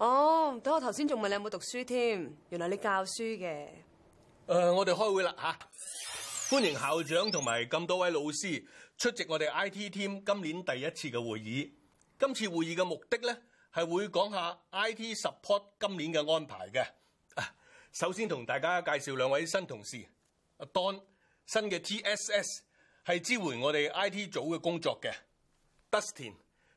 哦，等我頭先仲問你有冇讀書添，原來你教書嘅。誒、呃，我哋開會啦吓、啊，歡迎校長同埋咁多位老師出席我哋 IT team 今年第一次嘅會議。今次會議嘅目的咧，係會講下 IT support 今年嘅安排嘅、啊。首先同大家介紹兩位新同事，阿、啊、Dawn 新嘅 TSS 係支援我哋 IT 組嘅工作嘅，Dustin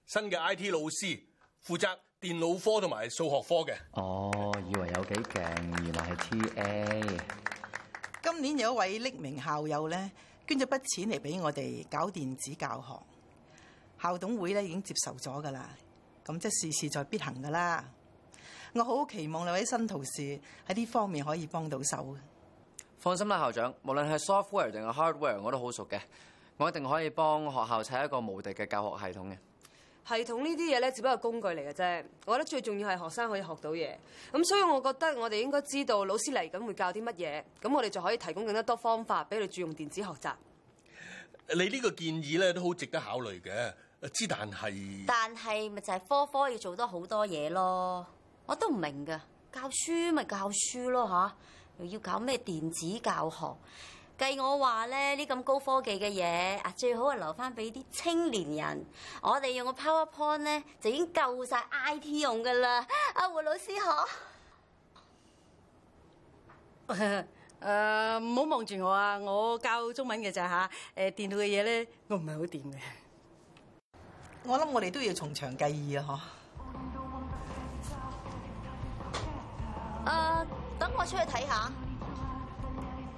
新嘅 IT 老師負責。電腦科同埋數學科嘅，哦，以為有幾勁，原來係 TA。今年有一位匿名校友咧，捐咗筆錢嚟俾我哋搞電子教學，校董會咧已經接受咗噶啦，咁即係事事在必行噶啦。我好期望兩位新同事喺呢方面可以幫到手。放心啦，校長，無論係 software 定係 hardware，我都好熟嘅，我一定可以幫學校砌一個無敵嘅教學系統嘅。系統呢啲嘢咧，只不過工具嚟嘅啫。我覺得最重要係學生可以學到嘢咁，所以我覺得我哋應該知道老師嚟緊會教啲乜嘢，咁我哋就可以提供更加多方法俾你注用電子學習。你呢個建議咧都好值得考慮嘅，之但係但係咪就係科科要做多好多嘢咯？我都唔明噶，教書咪教書咯，吓又要搞咩電子教學？計我話咧，呢咁高科技嘅嘢啊，最好係留翻俾啲青年人。我哋用個 PowerPoint 咧就已經夠晒 IT 用噶啦。阿胡老師可？誒唔好望住、 呃、我啊！我教中文嘅咋嚇？誒、啊、電腦嘅嘢咧，我唔係好掂嘅。我諗我哋都要從長計議啊！呵、呃。誒，等我出去睇下。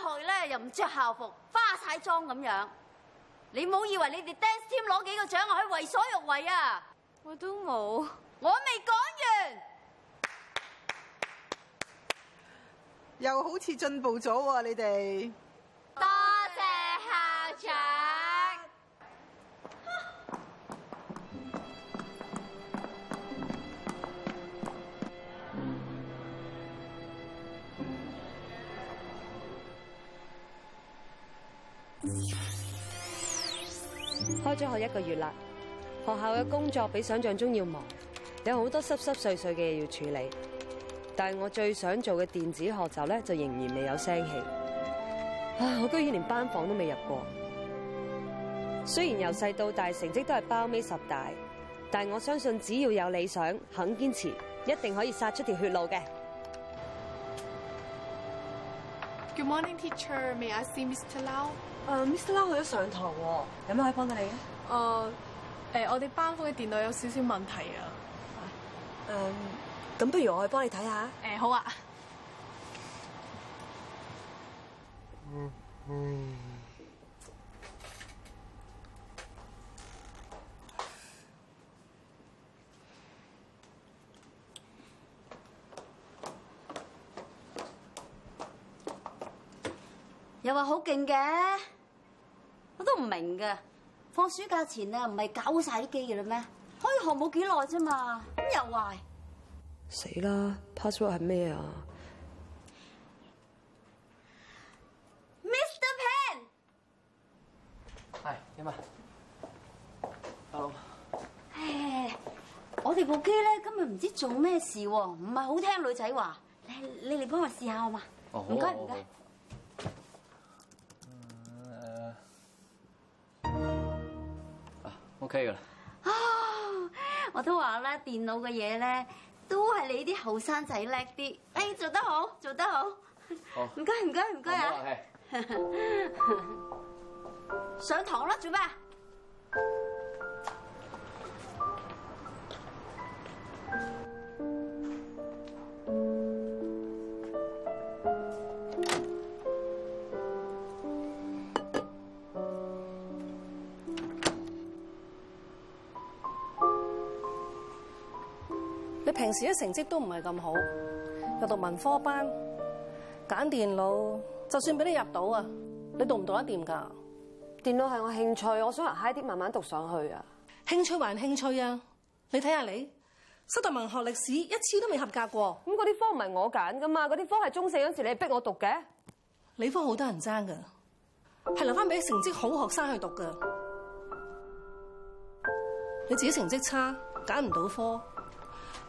去咧又唔着校服，花晒妝咁樣，你唔好以為你哋 dance team 攞幾個獎我可以為所欲為啊！我都冇，我未講完，又好似進步咗喎、啊，你哋。開學一個月啦，學校嘅工作比想象中要忙，有好多濕濕碎碎嘅嘢要處理。但係我最想做嘅電子學習咧，就仍然未有聲氣。啊，我居然連班房都未入過。雖然由細到大成績都係包尾十大，但我相信只要有理想，肯堅持，一定可以殺出條血路嘅。Good morning, teacher. May I see Mr. Lau? 唉、uh，Mr. Lau 佢都上堂喎。有咩可以幫到你咧？呃，誒，我哋班房嘅電腦有少少問題啊。誒，咁不如我去幫你睇下？誒，uh, 好啊。嗯嗯、mm。Hmm. 又話好勁嘅，我都唔明噶。放暑假前啊，唔係搞好晒啲機嘅啦咩？開學冇幾耐啫嘛，咁又壞？死啦！password 係咩啊？Mr. Pan 係點啊？阿老，誒，Hello. Hey, 我哋部機咧今日唔知做咩事喎，唔係好聽女仔話，你你哋幫我試下好嘛？哦、oh, 謝，唔該唔該。可以啦，了 oh, 我都話啦，電腦嘅嘢咧都係你啲後生仔叻啲，哎，做得好，做得好，好、oh，唔該唔該唔該啊，oh, hey. 上堂啦，做咩？你平時嘅成績都唔係咁好，又讀文科班揀電腦，就算俾你入到啊，你讀唔讀得掂噶？電腦係我興趣，我想嗨啲慢慢讀上去啊！興趣還係興趣啊！你睇下你，修讀文學歷史一次都未合格過，咁嗰啲科唔係我揀噶嘛？嗰啲科係中四嗰時你係逼我讀嘅，理科好多人爭噶，係留翻俾成績好學生去讀噶。你自己成績差，揀唔到科。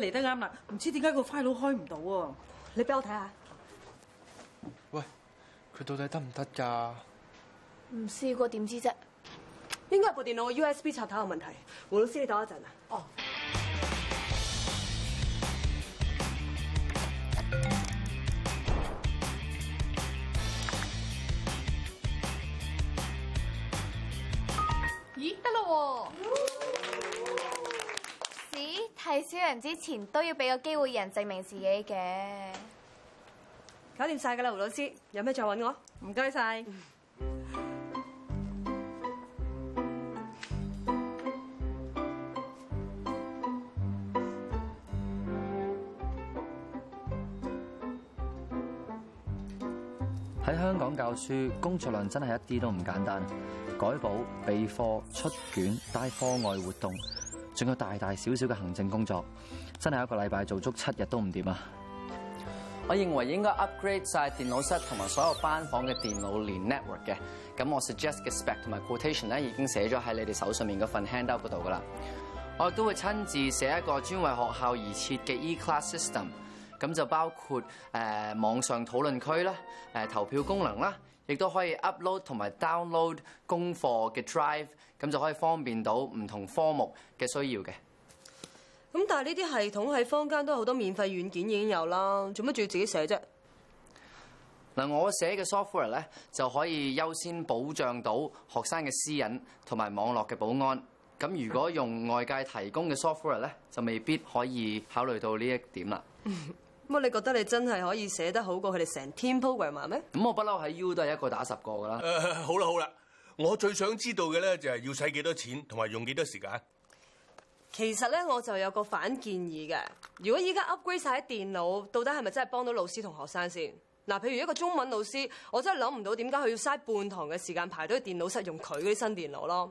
你嚟得啱啦，唔知點解個 file 開唔到啊！你俾我睇下。喂，佢到底得唔得㗎？唔試過點知啫？應該係部電腦 USB 插頭有問題。胡老師，你等一陣啊。哦。咦？得啦喎。喺小人之前都要俾個機會人證明自己嘅。搞掂晒㗎喇，胡老師，有咩再搵我。唔該晒。喺香港教書，工作量真係一啲都唔簡單，改簿、備課、出卷、帶課外活動。仲有大大小小嘅行政工作，真係一個禮拜做足七日都唔掂啊！我認為應該 upgrade 晒電腦室同埋所有班房嘅電腦連 network 嘅。咁我 suggest 嘅 spec 同埋 quotation 咧已經寫咗喺你哋手上面嗰份 handout 嗰度噶啦。我亦都會親自寫一個專為學校而設嘅 e-class system，咁就包括誒、呃、網上討論區啦、誒、呃、投票功能啦。亦都可以 upload 同埋 download 功課嘅 Drive，咁就可以方便到唔同科目嘅需要嘅。咁但係呢啲系統喺坊間都好多免費軟件已經有啦，做乜仲要自己寫啫？嗱，我寫嘅 software 咧就可以優先保障到學生嘅私隱同埋網絡嘅保安。咁如果用外界提供嘅 software 咧，就未必可以考慮到呢一點啦。 乜你覺得你真係可以寫得好過佢哋成 team program 咩？咁、嗯、我不嬲喺 U 都係一個打十個噶啦、uh,。好啦好啦，我最想知道嘅咧就係要使幾多錢同埋用幾多時間。其實咧我就有個反建議嘅，如果依家 upgrade 晒啲電腦，到底係咪真係幫到老師同學生先嗱？譬如一個中文老師，我真係諗唔到點解佢要嘥半堂嘅時間排到電腦室用佢啲新電腦咯。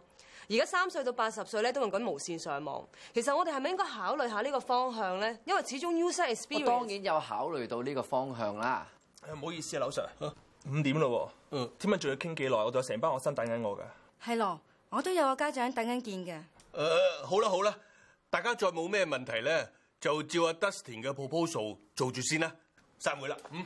而家三歲到八十歲咧都用緊無線上網，其實我哋係咪應該考慮下呢個方向咧？因為始終 user experience 當然有考慮到呢個方向啦。唔、呃、好意思，Sir, 啊，樓 Sir 五點啦喎，聽問仲要傾幾耐？我就成班學生等緊我㗎。係咯，我都有個家長等緊見嘅。誒、呃、好啦好啦，大家再冇咩問題咧，就照阿 Dustin 嘅 proposal 做住先啦。散會啦。嗯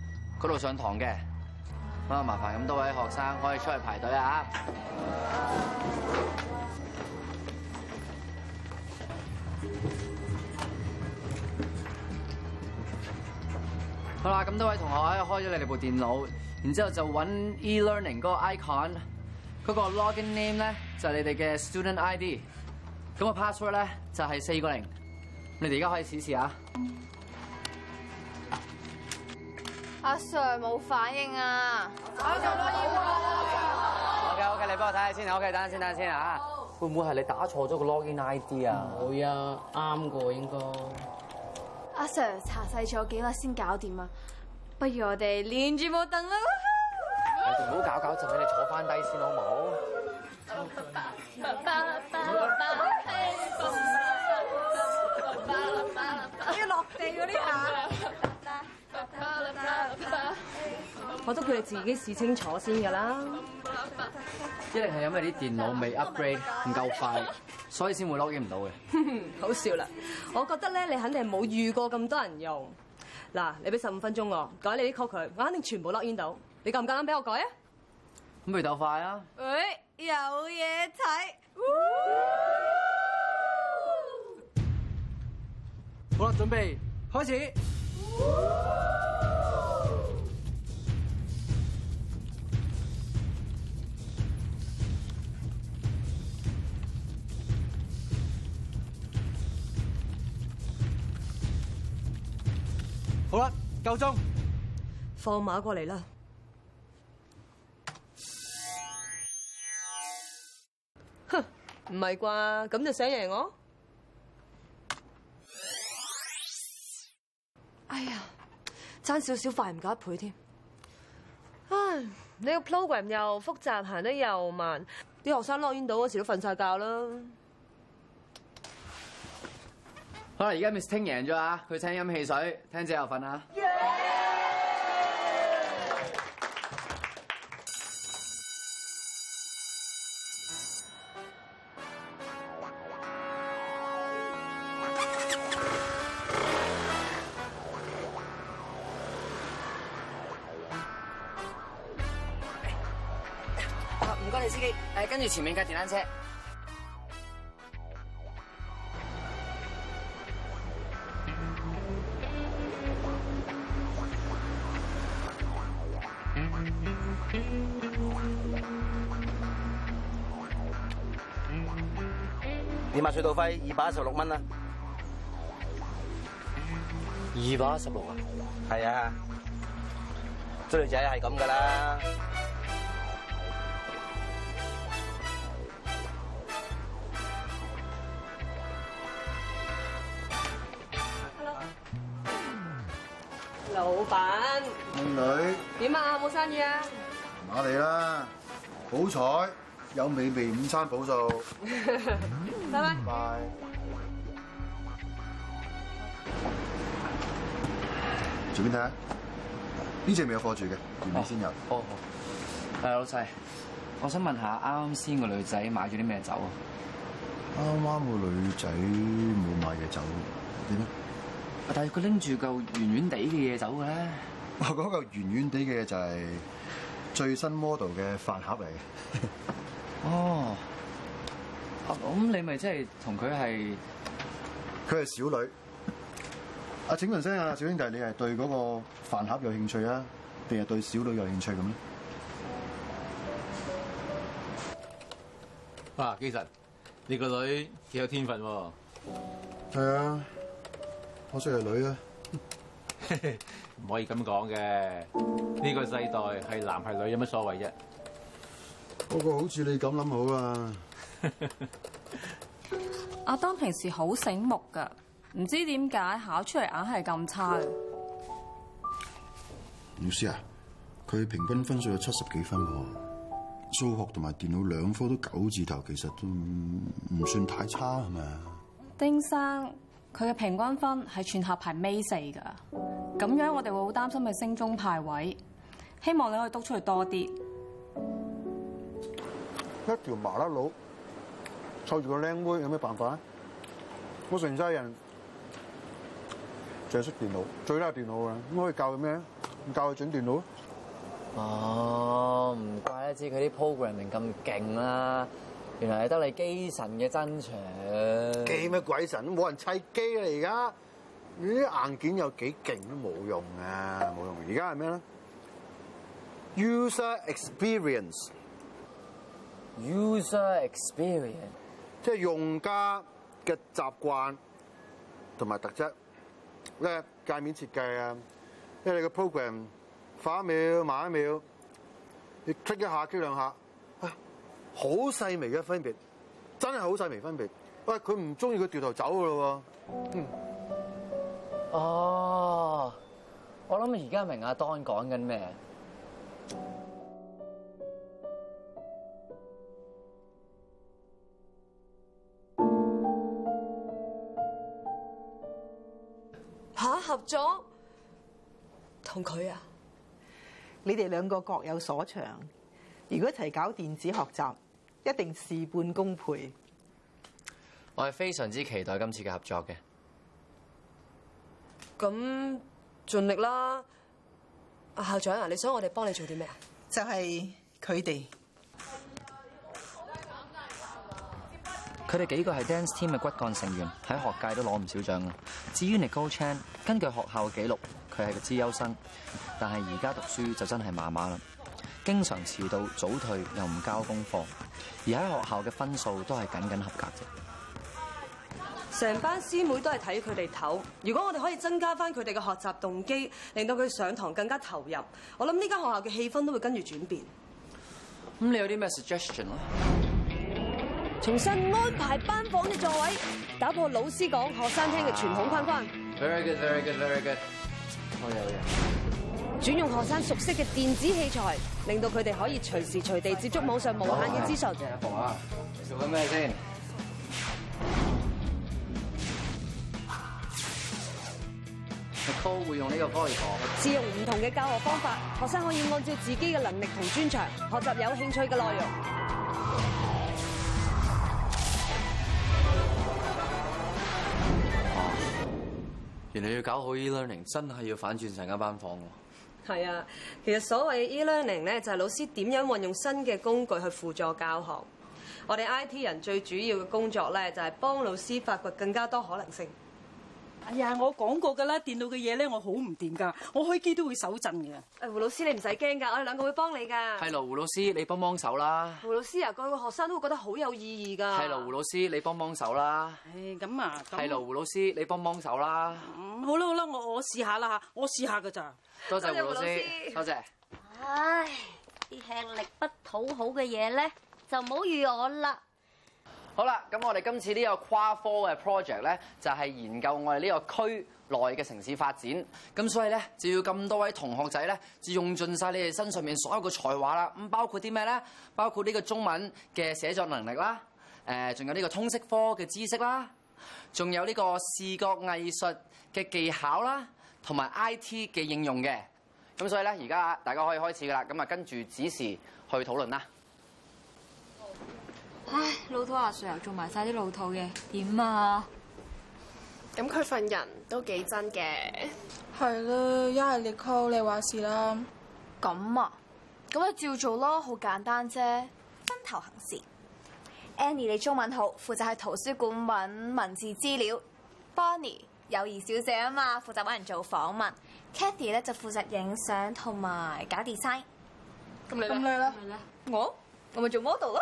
嗰度上堂嘅，咁啊，麻煩咁多位學生可以出去排隊啊！好啦，咁多位同學喺度開咗你哋部電腦，然之後就揾 e-learning 嗰個 icon，嗰個 login name 呢就係你哋嘅 student ID，咁個 password 呢就係四個零，你哋而家可以試試啊！阿 Sir 冇反應啊！搞做多二個 OK OK，你幫我睇下先 OK 等陣先，等陣先啊。路會唔會係你打錯咗個 login ID 啊？會啊是，啱過應該。阿 Sir 查細咗幾耐先搞掂啊？不如我哋連住冇凳啦。唔好搞搞震，你坐翻低先好唔好？落落落落落落落落落落落落我覺得佢哋自己試清楚先噶啦，一定係因為啲電腦未 upgrade 唔夠快，所以先會 load in 唔到嘅。好笑啦，我覺得咧，你肯定冇遇過咁多人用。嗱，你俾十五分鐘我改你啲 code 佢，我肯定全部 load in 到。你夠唔夠膽俾我改啊？咁咪鬥快啊！誒，有嘢睇！好啦，準備開始。夠鐘，放馬過嚟啦！哼，唔係啩？咁就想贏我？哎呀，爭少少快唔夠一倍添。唉，你個 program 又複雜，行得又慢，啲學生攞煙斗嗰時都瞓晒覺啦。好啦，而家 Miss Ting 贏咗啊！佢，請飲汽水，聽者有份啦。唔該，你司機誒、啊，跟住前面架電單車。隧道費二百一十六蚊啊！二百一十六啊，係啊，追女仔係咁噶啦。Hello，老闆。靚女。點啊？冇生意啊？麻利啦！好彩有美味午餐補數。拜拜。隨便睇下，呢隻未有貨住嘅，啱先有。哦，係老細，我想問下啱啱先個女仔買咗啲咩酒啊？啱啱個女仔冇買嘢酒，點啊？但係佢拎住嚿圓圓地嘅嘢走嘅。嗰嚿圓圓地嘅就係最新 model 嘅飯盒嚟嘅。哦。咁你咪即係同佢係？佢係小女。啊，請問聲啊，小兄弟，你係對嗰個飯盒有興趣啊，定係對小女有興趣咁咧？啊，基神，你個女幾有天分喎？係啊，我雖係女啊，唔可以咁講嘅。呢個世代係男係女有乜所謂啫？嗰個好似你咁諗好啊！阿當 平時好醒目噶，唔知點解考出嚟硬係咁差。老師啊，佢平均分數有七十幾分喎，數學同埋電腦兩科都九字頭，其實都唔算太差係咪丁生，佢嘅平均分係全校排尾四噶，咁樣我哋會好擔心佢升中派位，希望你可以督出去多啲。一條麻甩佬。湊住個靚妹有咩辦法啊？我成世人最識電腦，最叻電腦啊。咁可以教佢咩？教佢整電腦。哦，唔怪得知佢啲 programming 咁勁啦，原來係得你機神嘅真傳啊！機咩鬼神？都冇人砌機啊。而家，你啲硬件有幾勁都冇用啊！冇用，而家係咩咧？User experience. User experience. 即係用家嘅習慣同埋特質咧，界面設計啊，因為你個 program 快一秒慢一秒，你 tick 一下 tick 兩下，啊，好細微嘅分別，真係好細微的分別，喂，佢唔中意佢掉頭走嘅咯喎。嗯。哦，我諗而家明阿 Dawn 講緊咩？.咗，同佢啊！你哋兩個各有所長，如果一齊搞電子學習，一定事半功倍。我係非常之期待今次嘅合作嘅，咁盡力啦。校長啊，你想我哋幫你做啲咩啊？就係佢哋。佢哋幾個係 dance team 嘅骨幹成員，喺學界都攞唔少獎。至於 Nicole Chan，根據學校嘅記錄，佢係個資優生，但係而家讀書就真係麻麻啦，經常遲到、早退又唔交功課，而喺學校嘅分數都係僅僅合格啫。成班師妹都係睇佢哋頭，如果我哋可以增加翻佢哋嘅學習動機，令到佢上堂更加投入，我諗呢間學校嘅氣氛都會跟住轉變。咁你有啲咩 suggestion 咧？重新安排班房嘅座位，打破老師講、學生聽嘅傳統框框。Very good, very good, very good。我有嘢。轉用學生熟悉嘅電子器材，令到佢哋可以隨時隨地接觸網上無限嘅資訊。阿博啊，你做緊咩先？call 會用呢個科學課。試用唔同嘅教學方法，學生可以按照自己嘅能力同專長，學習有興趣嘅內容。原來要搞好 e-learning，真係要反轉成間班房喎。係啊，其實所謂 e-learning 咧，就係老師點樣運用新嘅工具去輔助教學。我哋 IT 人最主要嘅工作咧，就係幫老師發掘更加多可能性。哎呀，我講過噶啦，電腦嘅嘢咧，我好唔掂噶，我開機都會手震噶。胡老師你唔使驚噶，我哋兩個會幫你噶。係咯，胡老師你幫幫手啦。胡老師啊，個個學生都會覺得好有意義噶。係咯，胡老師你幫幫手啦。唉，咁啊。係咯，胡老師你幫幫手啦。好啦好啦，我我試下啦吓，我試下噶咋。多謝胡老師。多謝。唉，啲吃力不討好嘅嘢咧，就唔好預我啦。好啦，咁我哋今次呢個跨科嘅 project 呢，就係研究我哋呢個區內嘅城市發展。咁所以呢，就要咁多位同學仔呢，就用盡晒你哋身上面所有嘅才華啦。咁包括啲咩呢？包括呢個中文嘅寫作能力啦，誒，仲有呢個通識科嘅知識啦，仲有呢個視覺藝術嘅技巧啦，同埋 IT 嘅應用嘅。咁所以呢，而家大家可以開始噶啦，咁啊跟住指示去討論啦。唉，老土阿 Sir 又做埋晒啲老土嘅，點啊？咁佢份人都幾真嘅。係啦，一係你 call 你話事啦。咁啊，咁就照做咯，好簡單啫，分頭行事。Annie 你中文好，負責喺圖書館揾文字資料。Bonnie 友誼小姐啊嘛，負責揾人做訪問。Katie 咧就負責影相同埋搞 design。咁你啦？我我咪做 model 咯。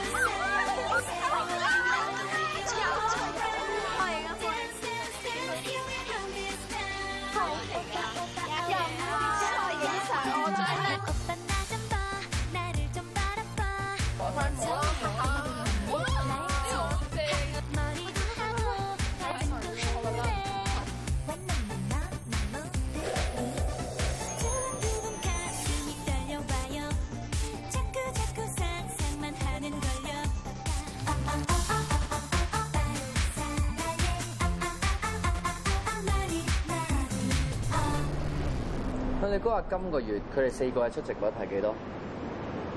你估下今個月佢哋四個嘅出席率係幾多？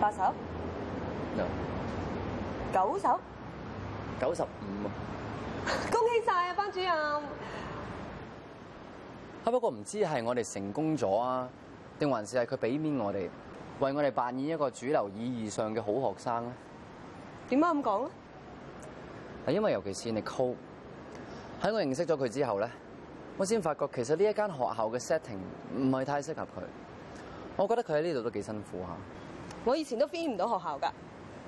八十？嗱，九十？九十五啊！恭喜晒啊，班主任！不過唔知係我哋成功咗啊，定還是係佢俾面我哋，為我哋扮演一個主流意義上嘅好學生咧？點解咁講咧？係因為尤其是你 cool，喺我認識咗佢之後咧。我先發覺其實呢一間學校嘅 setting 唔係太適合佢，我覺得佢喺呢度都幾辛苦吓。我以前都 fit 唔到學校㗎，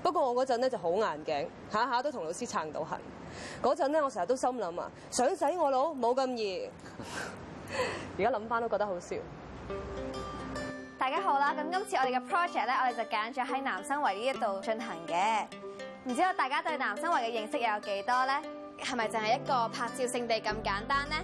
不過我嗰陣咧就好硬頸，下下都同老師撐到痕。嗰陣咧我成日都心諗啊，想死我老冇咁易。而家諗返都覺得好笑。大家好啦，咁今次我哋嘅 project 咧，我哋就揀咗喺南生圍呢一度進行嘅。唔知道大家對南生圍嘅認識又有幾多咧？係咪淨係一個拍照聖地咁簡單咧？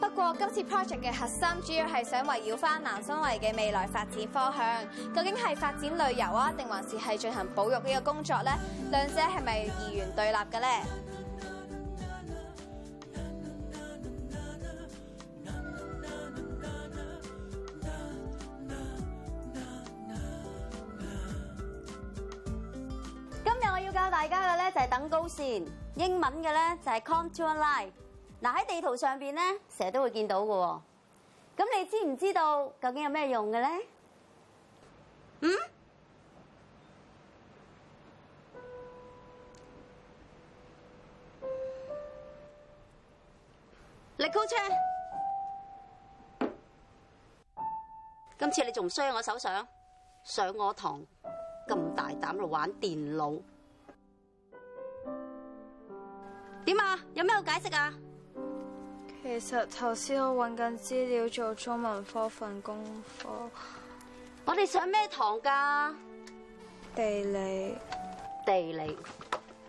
不過今次 project 嘅核心主要係想圍繞翻南新圍嘅未來發展方向，究竟係發展旅遊啊，定還是係進行保育呢一個工作呢？兩者係咪二元對立嘅呢？今日我要教大家嘅咧就係等高線，英文嘅咧就係 contour line。嗱，喺地圖上邊咧，成日都會見到嘅。咁你知唔知道究竟有咩用嘅咧？嗯？你高車，今次你仲衰喺我手上，上我堂咁大膽度玩電腦，點啊？有咩好解釋啊？其實頭先我搵緊資料做中文科份功課。我哋上咩堂㗎？地理。地理。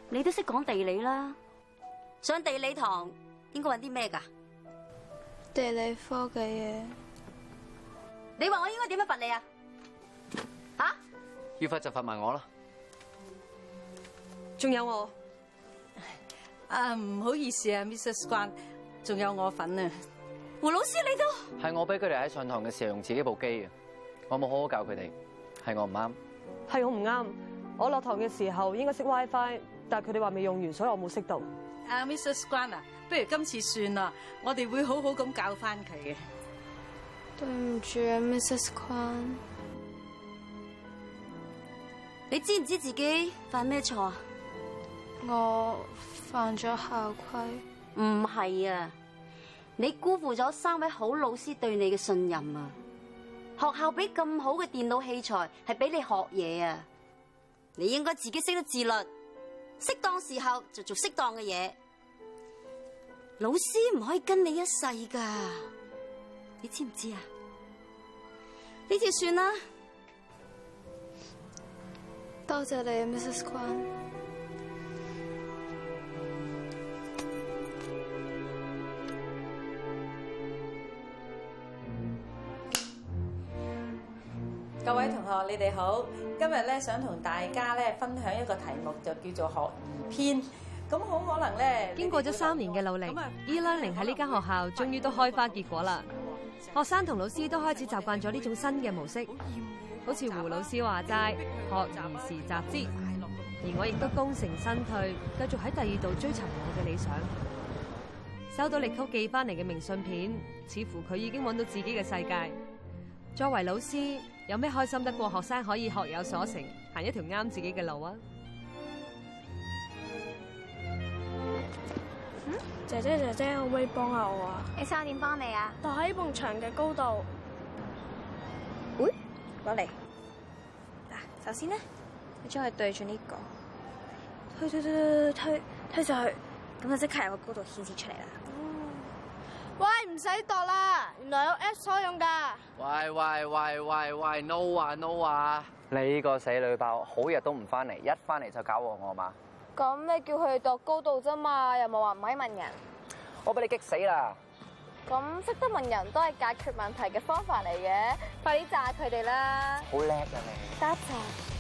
你都識講地理啦。上地理堂應該搵啲咩㗎？地理科嘅嘢。你話我應該點樣罰你啊？吓？要罰就罰埋我啦。仲有我。啊，唔好意思啊，Missus 關。Mrs. 仲有我份啊！胡老師，你都係我俾佢哋喺上堂嘅時候用自己部機啊！我冇好好教佢哋，係我唔啱，係我唔啱。我落堂嘅時候應該熄 WiFi，但係佢哋話未用完，所以我冇熄到。啊，Mrs. Gran 啊，不如今次算啦，我哋會好好咁教翻佢嘅。對唔住啊，Mrs. Gran，你知唔知自己犯咩錯啊？我犯咗校規。唔係啊！你辜負咗三位好老師對你嘅信任啊！學校俾咁好嘅電腦器材係俾你學嘢啊！你應該自己識得自律，適當時候就做適當嘅嘢。老師唔可以跟你一世噶，你知唔知啊？呢次算啦，多謝你，Mrs. Kwan。各位同學，你哋好。今日咧，想同大家咧分享一個題目，就叫做學而篇。咁好可能咧，經過咗三年嘅努力麼，e-learning 喺呢間學校終於都開花結果啦。學生同老師都開始習慣咗呢種新嘅模式，好似胡老師話齋，學而時習之。而我亦都功成身退，繼續喺第二度追尋我嘅理想。收到力曲寄翻嚟嘅明信片，似乎佢已經揾到自己嘅世界。作為老師，有咩開心得過學生可以學有所成，行一條啱自己嘅路啊！嗯，姐，姐姐姐姐，可唔可以幫下我啊？你想我點幫你啊？落喺呢埲牆嘅高度，喂、欸，攞嚟。嗱，首先呢，你將佢對住呢、呢個，推推推推推，推上去，咁就即刻有個高度顯示出嚟啦。唔使度啦，原來有 S 所用噶。喂喂喂喂喂，no 啊 no 啊！你個死女包，好日都唔翻嚟，一翻嚟就搞禍我嘛。咁你叫佢度高度啫嘛，又冇話唔可以問人。我俾你激死啦！咁識得問人都係解決問題嘅方法嚟嘅，快啲炸佢哋啦！好叻啊你。得。